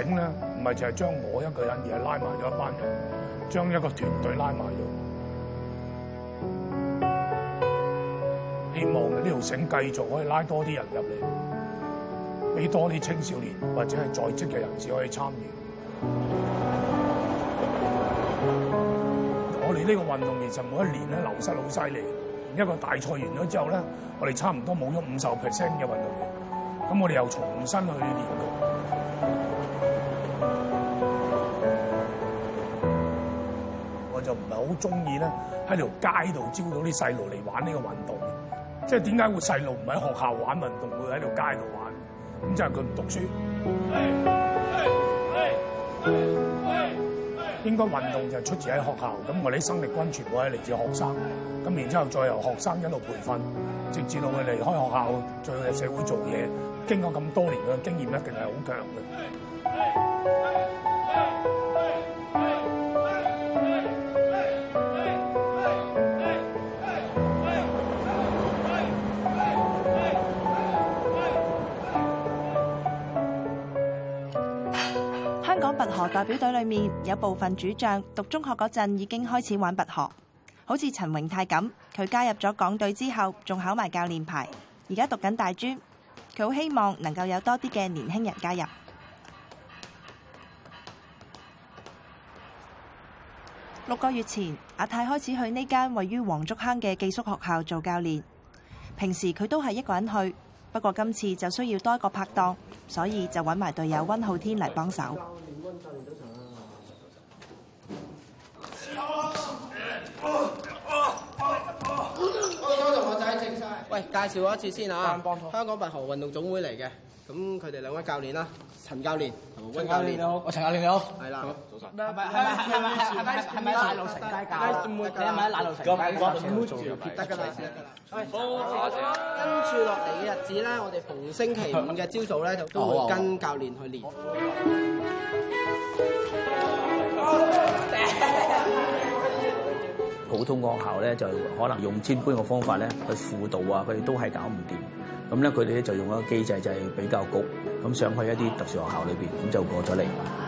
繩咧唔係淨係將我一個人，而係拉埋咗一班人，將一個團隊拉埋咗。希望呢條繩繼續可以拉多啲人入嚟，俾多啲青少年或者係在職嘅人士可以參與。我哋呢個運動其實每一年咧流失好犀利，一個大賽完咗之後咧，我哋差唔多冇咗五十 percent 嘅運動員，咁我哋又重新去練。唔係好中意咧，喺條街度招到啲細路嚟玩呢個運動，即係點解會細路唔喺學校玩運動，會喺條街度玩？咁即係佢唔讀書。應該運動就係出自喺學校，咁我哋生力軍全部係嚟自學生，咁然之後再由學生一路培訓，直至到佢離開學校，再去社會做嘢，經過咁多年嘅經驗，一定係好強嘅。代表隊裏面有部分主將讀中學嗰陣已經開始玩拔河，好似陳榮泰咁。佢加入咗港隊之後，仲考埋教練牌，而家讀緊大專。佢好希望能夠有多啲嘅年輕人加入。六個月前，阿泰開始去呢間位於黃竹坑嘅寄宿學校做教練。平時佢都係一個人去，不過今次就需要多一個拍檔，所以就搵埋隊友溫浩天嚟幫手。到你到場啊！哦哦哦哦哦！哦，多謝我仔請曬。喂，介紹一次先啊，香港拔河運動總會嚟嘅，咁佢哋兩位教練啦，陳教練，陳教練你好，我陳教練你好，係啦，早晨。係咪係咪係咪係咪係咪奶路城街價？你係咪奶路城？我我我做咗跌曬架，得架，得架。跟住落嚟嘅日子咧，我哋逢星期五嘅朝早咧，就都會跟教練去練。普通嘅學校咧，就可能用千般嘅方法咧去輔導啊，佢哋都係搞唔掂。咁咧，佢哋咧就用一個機制就係比較高，咁上去一啲特殊學校裏邊，咁就過咗嚟。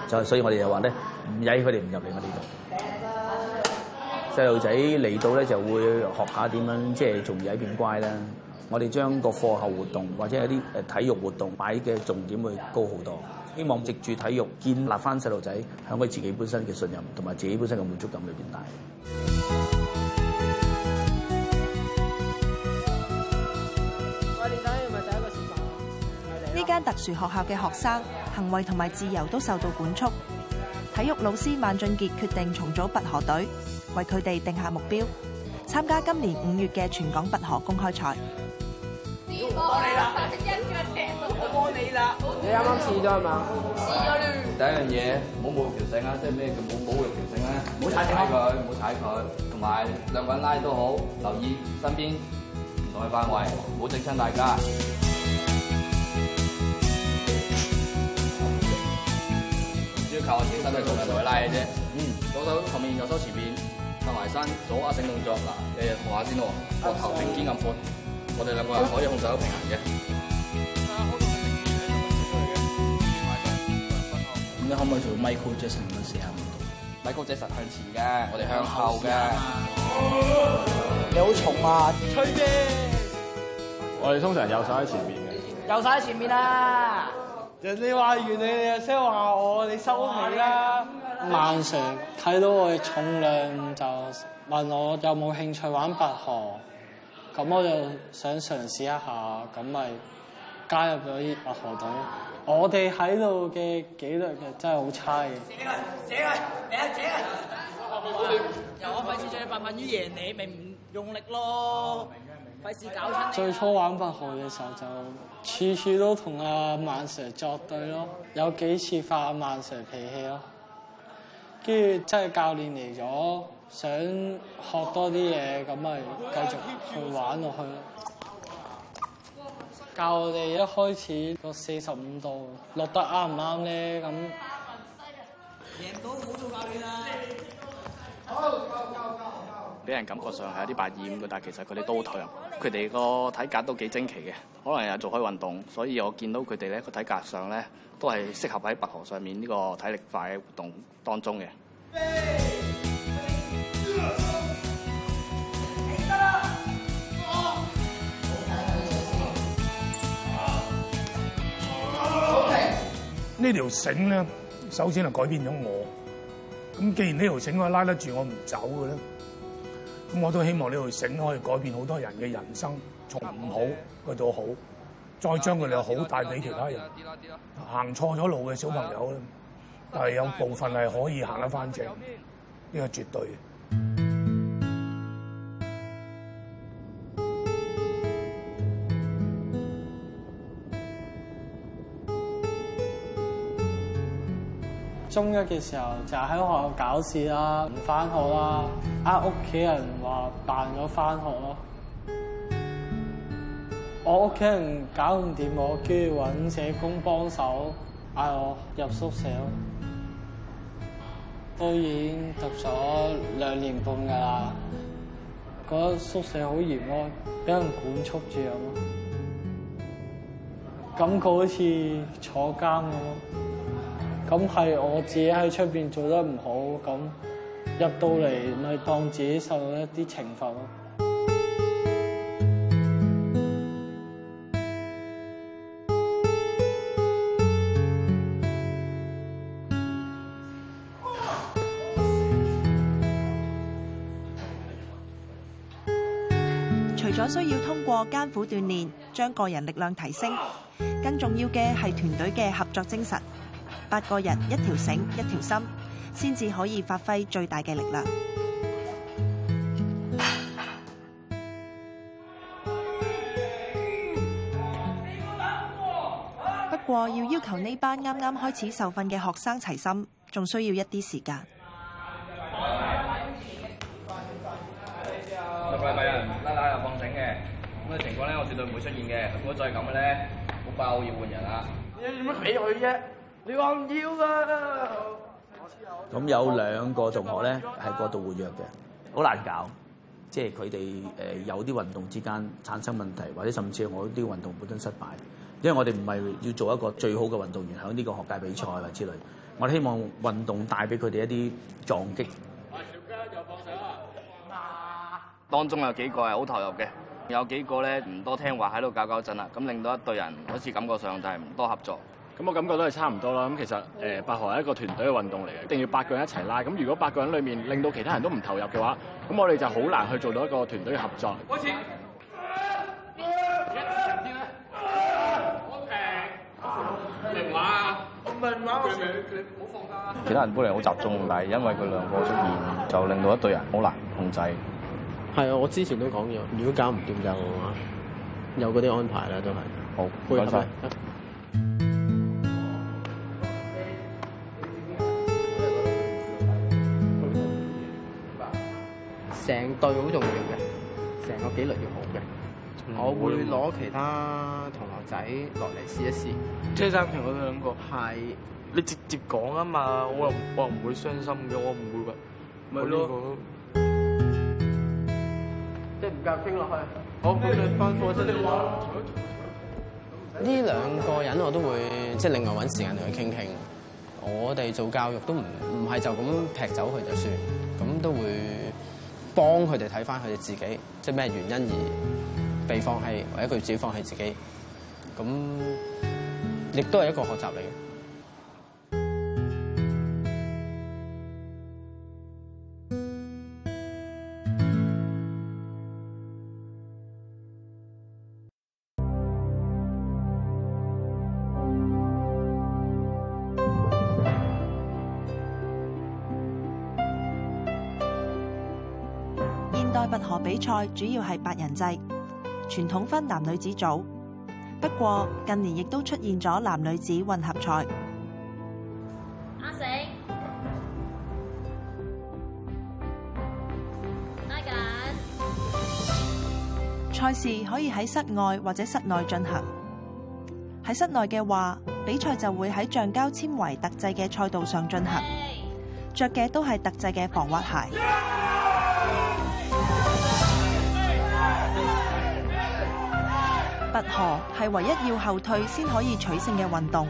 就所以我哋就話咧，唔曳佢哋唔入嚟我呢度。細路仔嚟到咧就會學下點樣，即係從曳變乖啦。我哋將個課後活動或者一啲誒體育活動擺嘅重點會高好多。希望藉住體育建立翻細路仔喺佢自己本身嘅信任，同埋自己本身嘅滿足感，裏面。大。呢間特殊學校嘅學生行為同埋自由都受到管束。體育老師萬俊傑決定重組拔河隊，為佢哋定下目標，參加今年五月嘅全港拔河公開賽。我嚟啦！一腳踢到我幫你啦！你啱啱試咗係嘛？試咗！第一樣嘢，唔好冇條繩啊！即係咩叫冇冇條繩咧？唔好踩佢，唔好踩佢。同埋兩個人拉都好，留意身邊唔同嘅範圍，唔好整親大家。主要靠全身嘅力量來拉嘅啫。嗯，左手上面右手前面，拍埋身，左下繩動作嗱，日日學下先喎，膊頭平肩咁闊。我哋兩個可以控制到平衡嘅。咁、嗯、你可唔可以做 Michael Jackson 嘅時候？Michael Jackson 向前嘅，我哋向後嘅。你好重啊，吹咩！我哋通常右手喺前面嘅。右手喺前面啦。人哋話完你，又先話我，你收尾啦。晚上睇到我嘅重量就問我有冇興趣玩拔河。咁我就想嘗試一下，咁咪加入咗啲拔河隊。我哋喺度嘅紀律其實真係好差嘅。死你個！死你！嚟啊！死 啊你，你！由我費事再白棒於贏你，咪唔用力咯。費、啊、事搞親。最初玩拔河嘅時候就，就處處都同阿 Man Sir 作對咯，有幾次發 Man Sir 脾氣咯。跟住真係教練嚟咗。想學多啲嘢，咁咪繼續去玩落去。教我哋一開始個四十五度落得啱唔啱咧？咁俾人感覺上係有啲百厭嘅，但係其實佢哋都好投入。佢哋個體格都幾精奇嘅，可能又做開運動，所以我見到佢哋咧個體格上咧都係適合喺拔河上面呢個體力快嘅活動當中嘅。呢條繩咧，首先係改變咗我。咁既然呢條繩可以拉得住我唔走嘅咧，咁我都希望呢條繩可以改變好多人嘅人生，從唔好去到好，再將佢哋好帶俾其他人。行錯咗路嘅小朋友咧，但係有部分係可以行得翻正，呢個絕對嘅。中一嘅時候就喺學校搞事啦，唔翻學啦，呃屋企人話辦咗翻學咯。我屋企人搞唔掂我，居然揾社工幫手嗌我入宿舍。都已經讀咗兩年半㗎啦，覺得宿舍好嚴咯，俾人管束住咁咯，感覺好似坐監咁咯。咁係我自己喺出邊做得唔好，咁入到嚟咪當自己受到一啲懲罰咯。除咗需要通過艱苦鍛鍊將個人力量提升，更重要嘅係團隊嘅合作精神。八個人一條繩一條心，先至可以發揮最大嘅力量。不過，要要求呢班啱啱開始受訓嘅學生齊心，仲需要一啲時間。十個擺人拉拉又放醒嘅咁嘅情況咧，我絕對唔會出現嘅。如果再咁嘅咧，好快，我要換人啦！你點俾佢啫？你話唔要㗎，啊？咁有，有兩個同學咧係過度活躍嘅，好難搞。即係佢哋誒有啲運動之間產生問題，或者甚至我啲運動本身失敗。因為我哋唔係要做一個最好嘅運動員響呢個學界比賽或者之類。我哋希望運動帶俾佢哋一啲撞擊。當中有幾個係好投入嘅，有幾個咧，唔多聽話喺度搞搞震啦，咁令到一隊人好似感覺上就係唔多合作。咁我感覺都係差唔多啦。咁其實誒拔河係一個團隊嘅運動嚟嘅，一定要八個人一齊拉。咁如果八個人裏面令到其他人都唔投入嘅話，咁我哋就好難去做到一個團隊嘅合作。開始，一啲好平，明話啊，唔係唔你唔好放其他人搬嚟好集中，但係因為佢兩個出現，就令到一隊人好難控制。係啊，我之前都講咗，如果搞唔掂就話，有嗰啲安排啦，都係。好，拜拜。成隊好重要嘅，成個紀律要好嘅，嗯。我會攞其他同學仔落嚟試一試。張生平嗰兩個派，你直接講啊嘛，我又我又唔會傷心嘅，我唔會嘅。咪咯，即係唔夾傾落去。好，哦，佢哋返課室嚟講。呢兩個人我都會即係，就是，另外揾時間同佢傾傾。我哋做教育都唔唔係就咁劈走佢就算，咁都會。幫佢哋睇返佢哋自己，即係咩原因而被放棄，或者佢自己放棄自己，咁亦都係一個學習嚟嘅。比賽主要係八人制傳統分男女子組，不過近年亦都出現咗男女子混合賽。阿醒，拉緊！賽事可以喺室外或者室內進行。喺室內嘅話，比賽就會喺橡膠纖維特製嘅賽道上進行，着嘅都係特製嘅防滑鞋。拔河係唯一要後退先可以取勝嘅運動，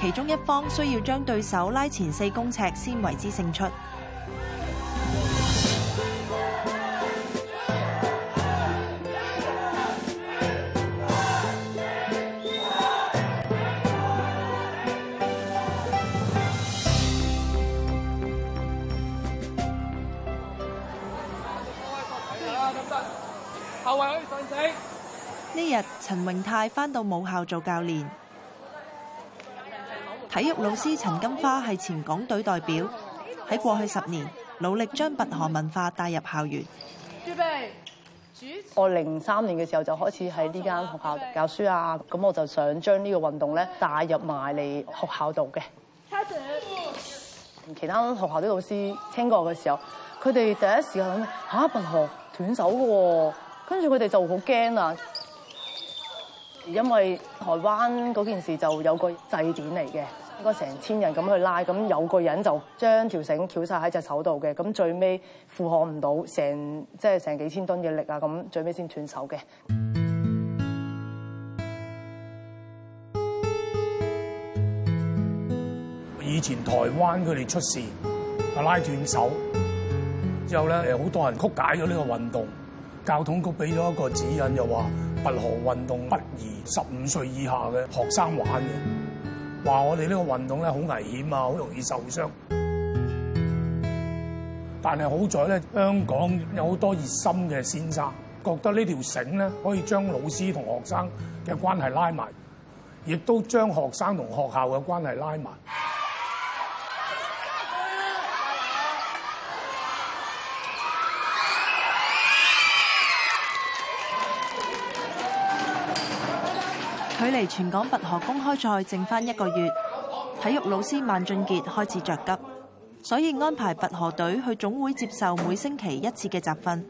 其中一方需要將對手拉前四公尺先為之勝出。後衞可，可以上呢日陳榮泰翻到母校做教練，體育老師陳金花係前港隊代表，喺過去十年努力將拔河文化帶入校園。我零三年嘅時候就開始喺呢間學校教書啊，咁我就想將呢個運動咧帶入埋嚟學校度嘅。其他學校啲老師聽過嘅時候，佢哋第一時間諗住吓拔河斷手㗎，跟住佢哋就好驚啊。因為台灣嗰件事就有個祭典嚟嘅，應該成千人咁去拉，咁有個人就將條繩撬曬喺隻手度嘅，咁最尾負荷唔到，成即係成幾千噸嘅力啊，咁最尾先斷手嘅。以前台灣佢哋出事啊拉斷手之後咧，誒好多人曲解咗呢個運動，教統局俾咗一個指引，就話。拔河運動不宜十五歲以下嘅學生玩嘅，話我哋呢個運動咧好危險啊，好容易受傷。但係好在咧，香港有好多熱心嘅先生，覺得呢條繩咧可以將老師同學生嘅關係拉埋，亦都將學生同學校嘅關係拉埋。距離全港拔河公開賽剩翻一個月，體育老師萬俊傑開始着急，所以安排拔河隊去總會接受每星期一次嘅集訓。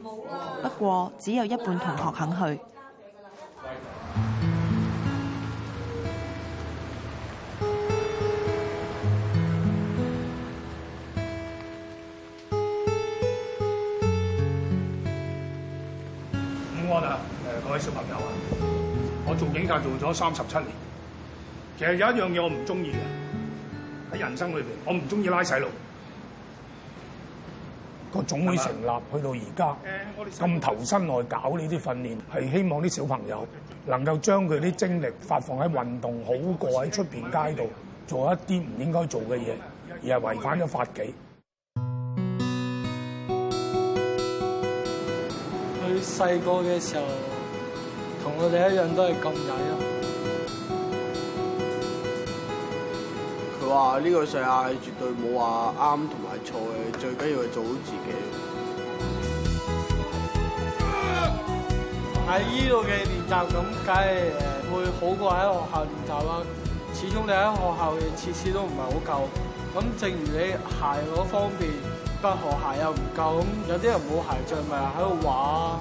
不過只有一半同學肯去，去。午安啊，誒各位小朋友啊！我做警察做咗三十七年，其實有一樣嘢我唔中意嘅，喺人生裏邊，我唔中意拉細路。個總會成立去到而家咁投身來搞呢啲訓練，係希望啲小朋友能夠將佢啲精力發放喺運動，好過喺出邊街度做一啲唔應該做嘅嘢，而係違反咗法紀。佢細個嘅時候。同我哋一樣都係咁曳啊。佢話：呢個世界絕對冇話啱同埋錯嘅，最緊要係做好自己。喺依度嘅練習，咁梗係，會好過喺學校練習啦。始終你喺學校嘅設施都唔係好夠。咁正如你鞋嗰方面，不學鞋又唔夠，咁有啲人冇鞋着咪喺度話。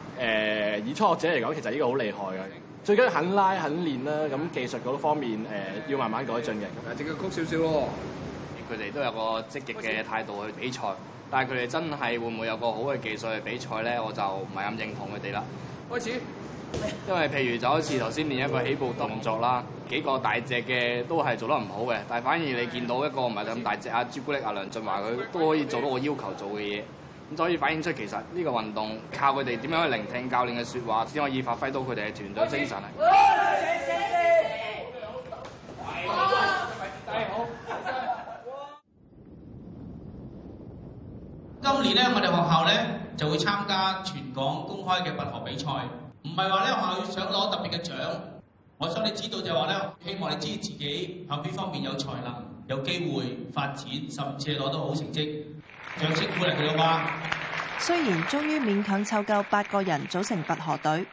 誒，以初學者嚟講，其實呢個好厲害㗎，最緊要肯拉肯練啦。咁技術嗰方面誒、呃，要慢慢改進嘅。但係隻腳曲少少咯。佢哋都有一個積極嘅態度去比賽，但係佢哋真係會唔會有個好嘅技術去比賽咧？我就唔係咁認同佢哋啦。開始，因為譬如就好似頭先練一個起步動作啦，幾個大隻嘅都係做得唔好嘅，但係反而你見到一個唔係咁大隻啊，朱古力阿梁俊華佢都可以做到我要求做嘅嘢。所以反映出其實呢個運動靠佢哋點樣去聆聽教練嘅說話，先可以發揮到佢哋嘅團隊精神。今年我哋學校就會參加全港公開嘅拔河比賽，唔係話學校要想攞特別嘅獎，我想你知道就係話希望你知道自己喺邊方面有才能，有機會發展，甚至攞到好成績。上支鼓嚟睇下。雖然終於勉強湊夠八個人組成拔河隊，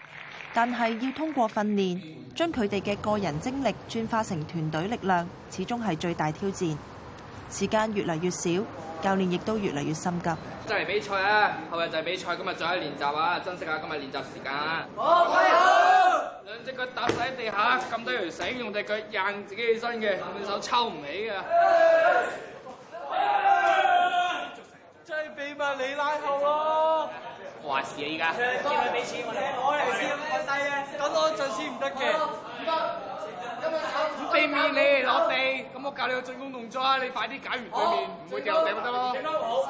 但係要通過訓練將佢哋嘅個人精力轉化成團隊力量，始終係最大挑戰。時間越嚟越少，教練亦都越嚟越心急。就嚟比賽啊！後日就係比賽，今日就係練習啊！珍惜下今日練習時間。好，開始。兩隻腳踏晒喺地下，咁多條繩用隻腳掹自己起身嘅，用隻手抽唔起㗎。 咪你拉後咯，話事啊！依家，叫佢俾錢我啦，我嚟先，我低啊，等安陣先唔得嘅。咁避免你嚟攞地，咁我教你個進攻動作啊！你快啲解完對面，唔會掉你咪得咯。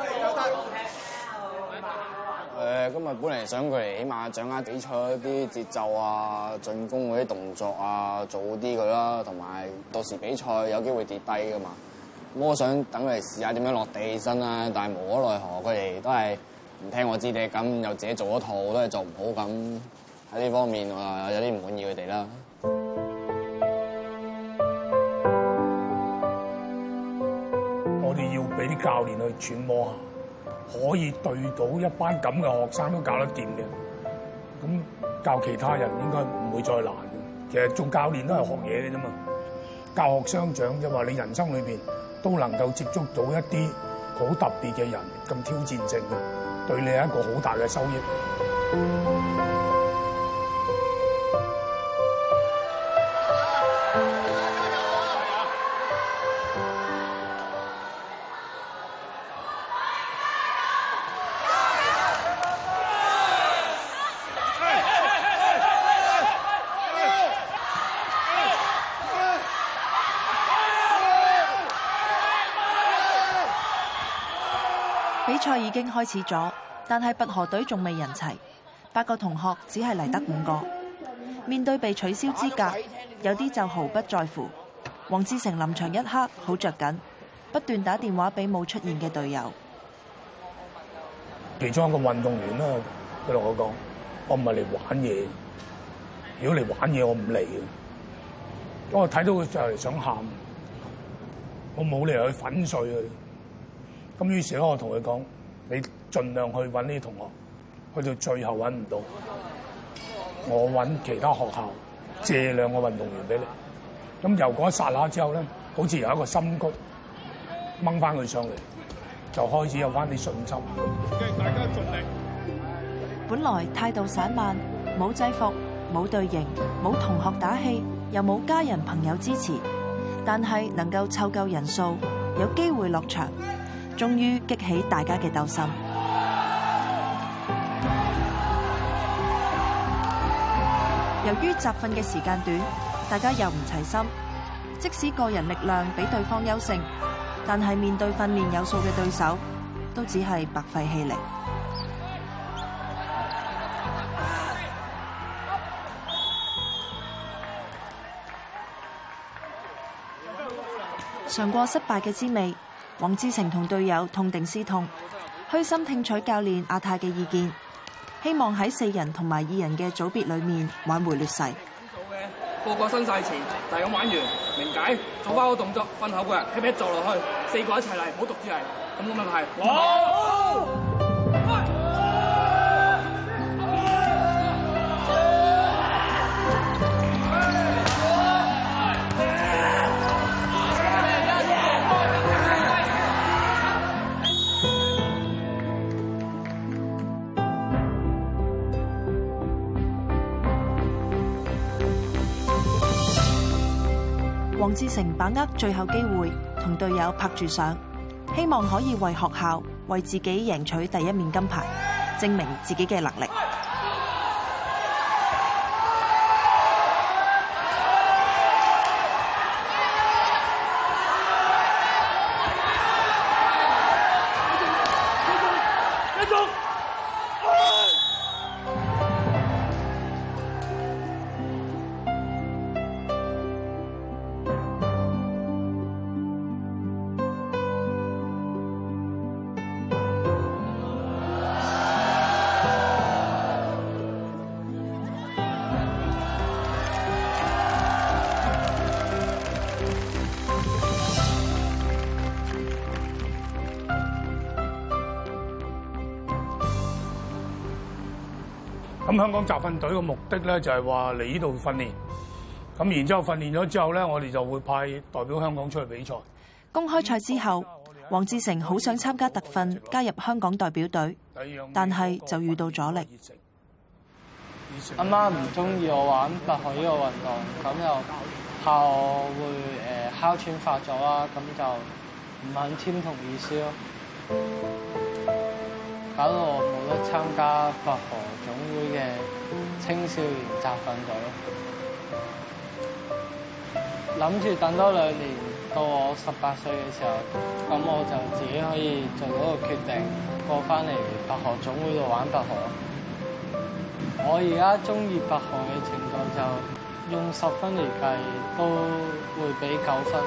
誒，今日本嚟想佢哋起碼掌握比賽一啲節奏啊，進攻嗰啲動作啊，做啲佢啦，同埋到時比賽有機會跌低噶嘛。我想等佢哋試下點樣落地起身啊！但係無可奈何，佢哋都係唔聽我知啲咁，又自己做一一套都係做唔好咁，喺呢方面，我有啲唔滿意佢哋啦。我哋要俾啲教練去揣摩下，可以對到一班咁嘅學生都搞得掂嘅，咁教其他人應該唔會再難嘅。其實做教練都係學嘢嘅啫嘛，教學相長啫嘛，你人生裏邊。都能夠接觸到一啲好特別嘅人，咁挑戰性嘅，對你係一個好大嘅收益。已經開始咗，但係拔河隊仲未人齊，八個同學只係嚟得五個。面對被取消資格，有啲就毫不在乎。黃志成臨場一刻好着緊，不斷打電話俾冇出現嘅隊友。其中一個運動員啦，佢同我講：我唔係嚟玩嘢，如果嚟玩嘢我唔嚟嘅。我睇到佢就嚟想喊，我冇理由去粉碎佢。咁於是咧，我同佢講。你盡量去揾呢啲同學，去到最後揾唔到，我揾其他學校借兩個運動員俾你。咁由嗰一剎那之後咧，好似有一個心骨掹翻佢上嚟，就開始有翻啲信心。大家盡力。本來態度散漫，冇制服，冇隊形，冇同學打氣，又冇家人朋友支持，但係能夠湊夠人數，有機會落場。終於激起大家嘅鬥心。由於集訓嘅時間短，大家又唔齊心，即使個人力量比對方優勝，但係面對訓練有素嘅對手，都只係白費氣力。嘗過失敗嘅滋味。黃志成同隊友痛定思痛，虛心聽取教練阿泰嘅意見，希望喺四人同埋二人嘅組別裏面挽回劣勢。做嘅個個伸晒前，就係咁玩完，明解做翻個動作，訓好個人，一咪一做落去，四個一齊嚟，唔好獨自嚟，有冇問題？冇。哇志成把握最後機會，同隊友拍住上，希望可以為學校、為自己贏取第一面金牌，證明自己嘅能力。香港集訓隊嘅目的咧就係話嚟呢度訓練，咁然後訓練之後訓練咗之後咧，我哋就會派代表香港出去比賽。公開賽之後，黃志誠好想參加特訓，加入香港代表隊，但係就遇到阻力。阿媽唔中意我玩拔河呢個運動，咁又怕我會誒哮喘發作啦，咁就唔肯簽同意書。搞到我冇得參加拔河總會嘅青少年集訓隊，諗住等多兩年到我十八歲嘅時候，咁我就自己可以做到一個決定，過翻嚟拔河總會度玩拔河。我而家中意拔河嘅程度就用十分嚟計，都會俾九分。